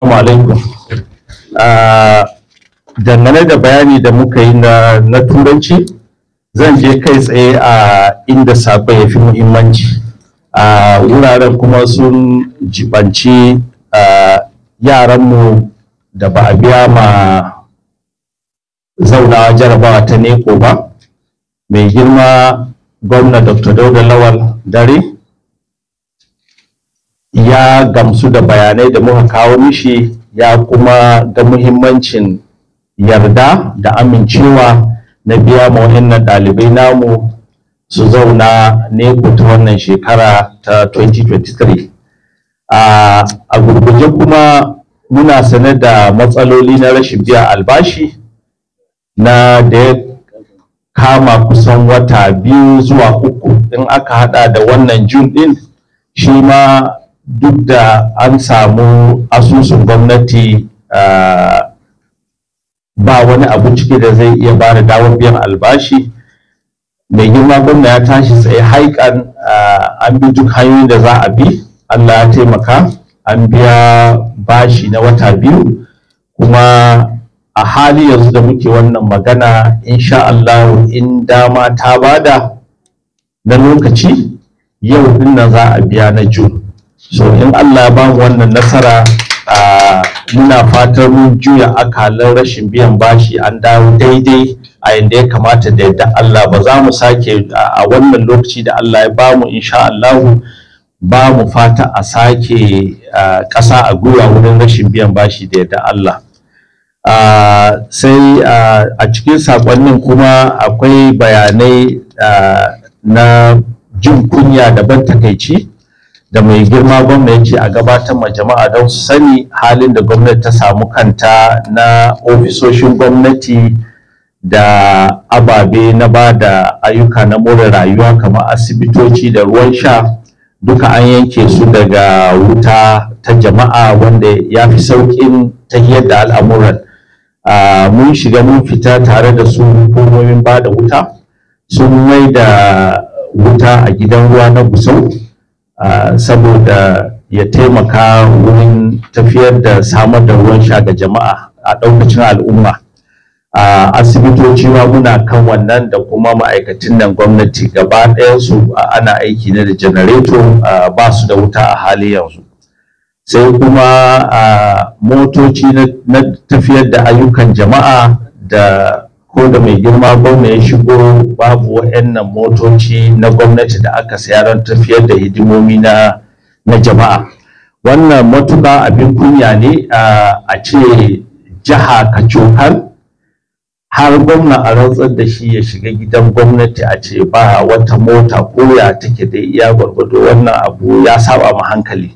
alaikum uh, dangane da bayani da muka yi na turanci zan je kai tsaye a inda sako ya fi muhimmanci a wuraren kuma sun jibanci yaranmu da ba a biya ma zaunawa jarabawa ta neko ba mai girma gwamna dr dauda lawal dare ya gamsu da bayanai da muka kawo mishi ya kuma ga muhimmancin yarda da amincewa na biya ma waɗannan ɗalibai namu su zauna ne ta wannan shekara ta 2023 a gurguje kuma muna sane da matsaloli na rashin biya albashi na da ya kama kusan wata biyu zuwa uku in aka hada da wannan jun din shi ma duk da an samu asusun gwamnati ba wani abu ciki da zai iya bada damar biyan albashi mai girma gwamna ya tashi tsaye haikan an bi duk hanyoyi da za a bi allah ya taimaka an biya bashi na wata biyu kuma a hali yanzu da muke wannan magana insha allahu in dama ta bada na lokaci yau dinnan za a biya na june so in Allah ba mu wannan nasara a muna fatan mun juya akalan rashin biyan bashi an dawo daidai a yadda ya kamata da yadda Allah ba za mu sake a wannan lokaci da Allah ya bamu insha Allah ba mu fata a sake ƙasa a gwiwa wurin rashin biyan bashi da yadda Allah sai a cikin saƙonnin kuma akwai bayanai na jin kunya da ban takaici da mai girma gwamnati a gabatar ma jama'a don su sani halin da gwamnati ta samu kanta na ofisoshin gwamnati da ababe na ba da ayyuka na more rayuwa kamar asibitoci da ruwan sha duka an yanke su daga wuta ta jama'a wanda ya fi sauƙin ta da al'amuran mun shiga mun fita tare da su hukumomin ba da wuta sun mai da wuta a gidan ruwa na gusau Ah, saboda ya taimaka wurin tafiyar da samar da ruwan sha ga jama'a a ɗaukacin al'umma a ah, asibitoci ma muna kan wannan da kuma ma'aikatan nan gwamnati gaba ɗayansu ah, ana aiki ne da janareto ba su da wuta a hali yanzu sai kuma motoci na tafiyar da ayyukan jama'a da ko da mai girma gwamna ya shigo babu waɗannan motoci na gwamnati da aka saya don tafiyar da hidimomi na na jama'a wannan matuƙa abin kunya ne a ce jiha kacokan har gwamna a rantsar da shi ya shiga gidan gwamnati a ce ba wata mota koya take da iya gwargwado wannan abu ya saba ma hankali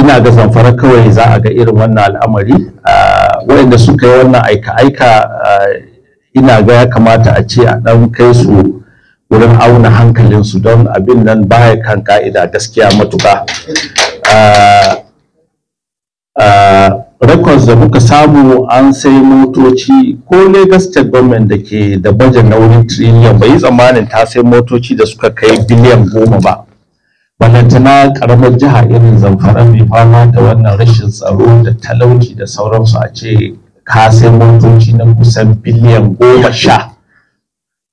ina ga zamfara kawai za a ga irin wannan al'amari waɗanda suka yi wannan aika-aika ina ga ya kamata a ce a ɗan kai su wurin auna hankalinsu don abin nan baya kan ka'ida gaskiya matuƙa ah, ah, records da muka samu an sai motoci ko lagos state government da ke da baje na wurin trillion bai tsammanin ta sai motoci da suka kai biliyan goma ba balantana karamar jiha irin zamfara mai fama da wannan rashin tsaro da talauci da sauransu a ce ka motoci na kusan biliyan goma sha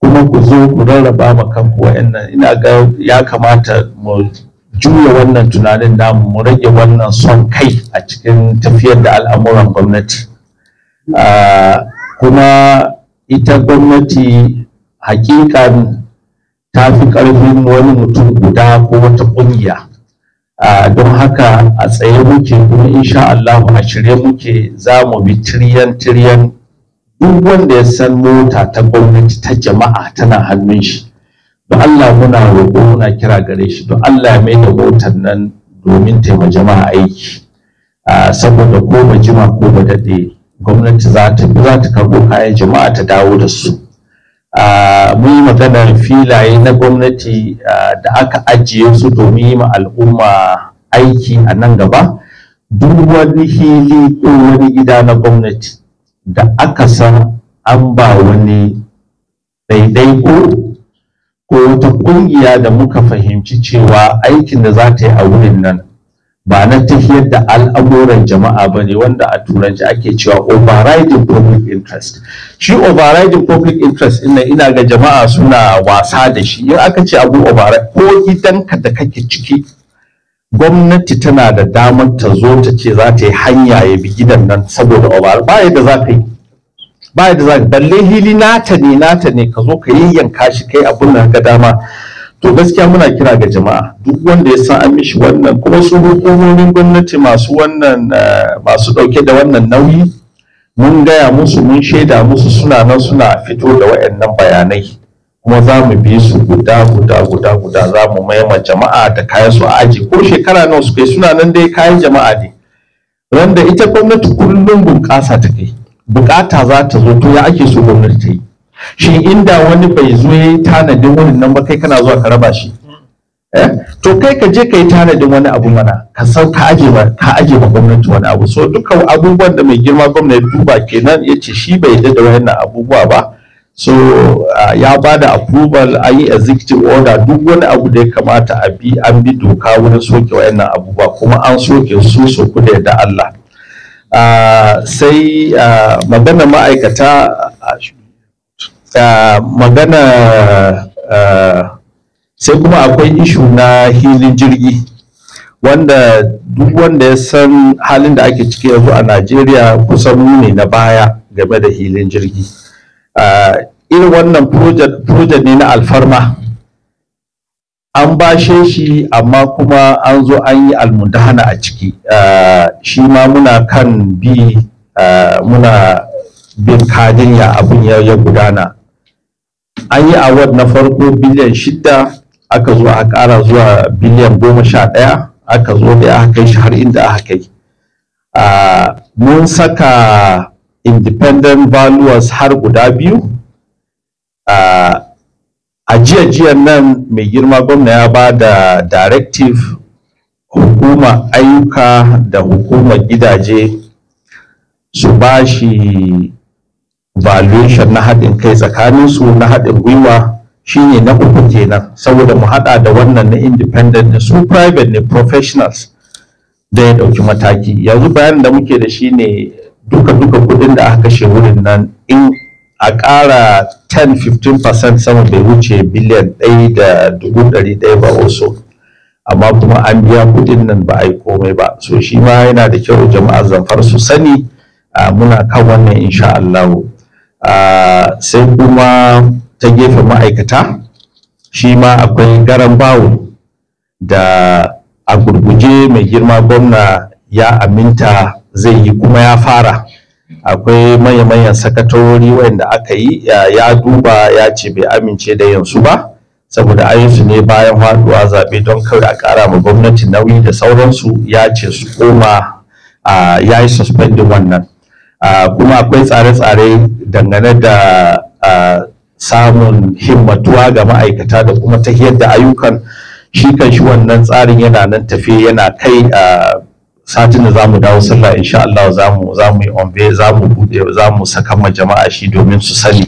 kuma ku zo ku rarraba ma kanku wa'annan ina ga ya kamata mu juya wannan tunanin namu mu rage wannan son kai a cikin tafiyar da al'amuran gwamnati ah, kuma ita gwamnati hakikan ta fi ƙarfin wani mutum guda ko wata ƙungiya Ah, don haka a tsaye muke kuma insha Allah a shirye muke za mu bi tiriyan tiriyan duk wanda ya san mota ta gwamnati ta jama'a tana hannun shi don Allah muna roƙo muna kira gare shi don Allah mai da motar nan domin taima jama'a aiki ah, saboda ko ba jima ko ba daɗe gwamnati za ta karɓo kayan jama'a ta dawo da su mun yi maganar filaye na gwamnati da aka ajiye su domin yi ma al'umma aiki a nan gaba duk wani hili ko wani gida na gwamnati da aka san an ba wani daidaiko ko wata kungiya da muka fahimci cewa aikin da za ta yi a wurin nan ba na tafiyar da al'amuran jama'a ba ne wanda a turanci ake cewa overriding public interest shi overriding public interest ina ina ga jama'a suna wasa da shi in aka ce abu override ko gidanka da kake ciki gwamnati tana da damar ta zo ta ce za ta yi hanya ya bi gidan nan saboda override ba yadda za ka yi ba yadda za ka balle hili nata ne nata ne ka zo ka yayyanka shi kai abun da ka dama to gaskiya muna kira ga jama'a duk wanda ya san an mishi wannan kuma su hukumomin gwamnati masu wannan eh, masu dauke da wannan nauyi mun gaya musu mun shaida musu suna nan suna fito da wayannan bayanai kuma za mu bi su guda guda guda guda za mu maima jama'a da kayan su a aji ko shekara nawa su kai suna nan dai kayan jama'a ne Randa ita gwamnati kullum bunƙasa ta kai bukata za ta zo to ya ake so gwamnati ta yi shi inda wani bai zo ya yi tanadin wani nan ba kai kana zuwa ka raba shi eh? to kai ka je ka yi tanadin wani abu mana ka san ka aje ba ka aje ba gwamnati wani abu so duka abubuwan da mai girma gwamnati duba kenan ya ce shi bai da da wayannan abubuwa ba so ya ba da approval an yi executive order duk wani abu da ya kamata a bi an bi doka wurin soke wayannan abubuwa kuma an soke su so ku da yadda Allah sai magana ma'aikata Ah, magana ah, sai kuma akwai ishu na hilin jirgi wanda duk wanda ya san halin da ake ciki yanzu a najeriya kusan ne na baya game da hilin jirgi ah, irin wannan project ne na alfarma an bashe shi amma kuma an zo an yi almundahana a ciki shi ma muna kan bi muna bin kadin ya abin ya gudana an yi award na farko biliyan shida aka zo a ƙara zuwa biliyan goma sha ɗaya aka zo da aka kai shi har inda aka kai mun saka independent valuers har guda biyu a jiya jiyan nan mai girma gwamna ya ba da directive hukuma ayyuka da hukumar gidaje su ba shi valuation na haɗin kai tsakaninsu na haɗin gwiwa shine na uku kenan saboda mu haɗa da wannan na independent da su private ne professionals da ya ɗauki mataki yanzu bayanin da muke da shi ne duka duka kuɗin da aka kashe wurin nan in a ƙara 10-15% sama bai wuce biliyan ɗaya da dubu ɗari ɗaya ba wasu amma kuma an biya kuɗin nan ba a yi komai ba so shi ma yana da kyau jama'ar zamfar su sani muna kan wannan insha Allah sai kuma ta gefe ma'aikata shi ma akwai garan bawo da a gurguje mai girma gwamna ya aminta zai yi kuma ya fara akwai manya-manyan sakatori wanda aka yi ya duba ya ce bai amince da yanzu ba saboda ayyusu ne bayan faduwa zaɓe don kawai a ƙara ma gwamnati nauyi da sauransu ya ce su koma ya yi suspendin wannan kuma akwai tsare-tsare dangane da samun himmatuwa ga ma'aikata da kuma ta da ayyukan shi kan shi wannan tsarin yana nan tafe yana kai a satin da zamu dawo sallah insha Allah zamu zamu yi onbe zamu bude zamu saka ma jama'a shi domin su sani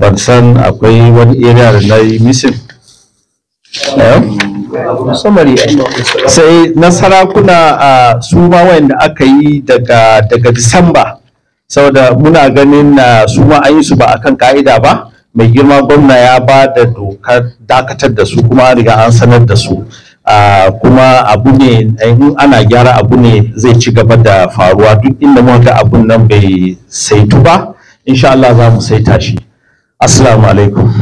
ban san akwai wani area da na yi missing sai na sarakuna su ma wayanda aka yi daga daga Disamba saboda muna ganin na ah, su ma an yi su ba akan ka'ida ba mai girma gwamna ya ba da dokar dakatar da su kuma riga an sanar da su ah, kuma abu ne in ana gyara abu ne zai ci gaba da faruwa duk inda muka ga abun nan bai saitu ba insha Allah za mu saita shi assalamu alaikum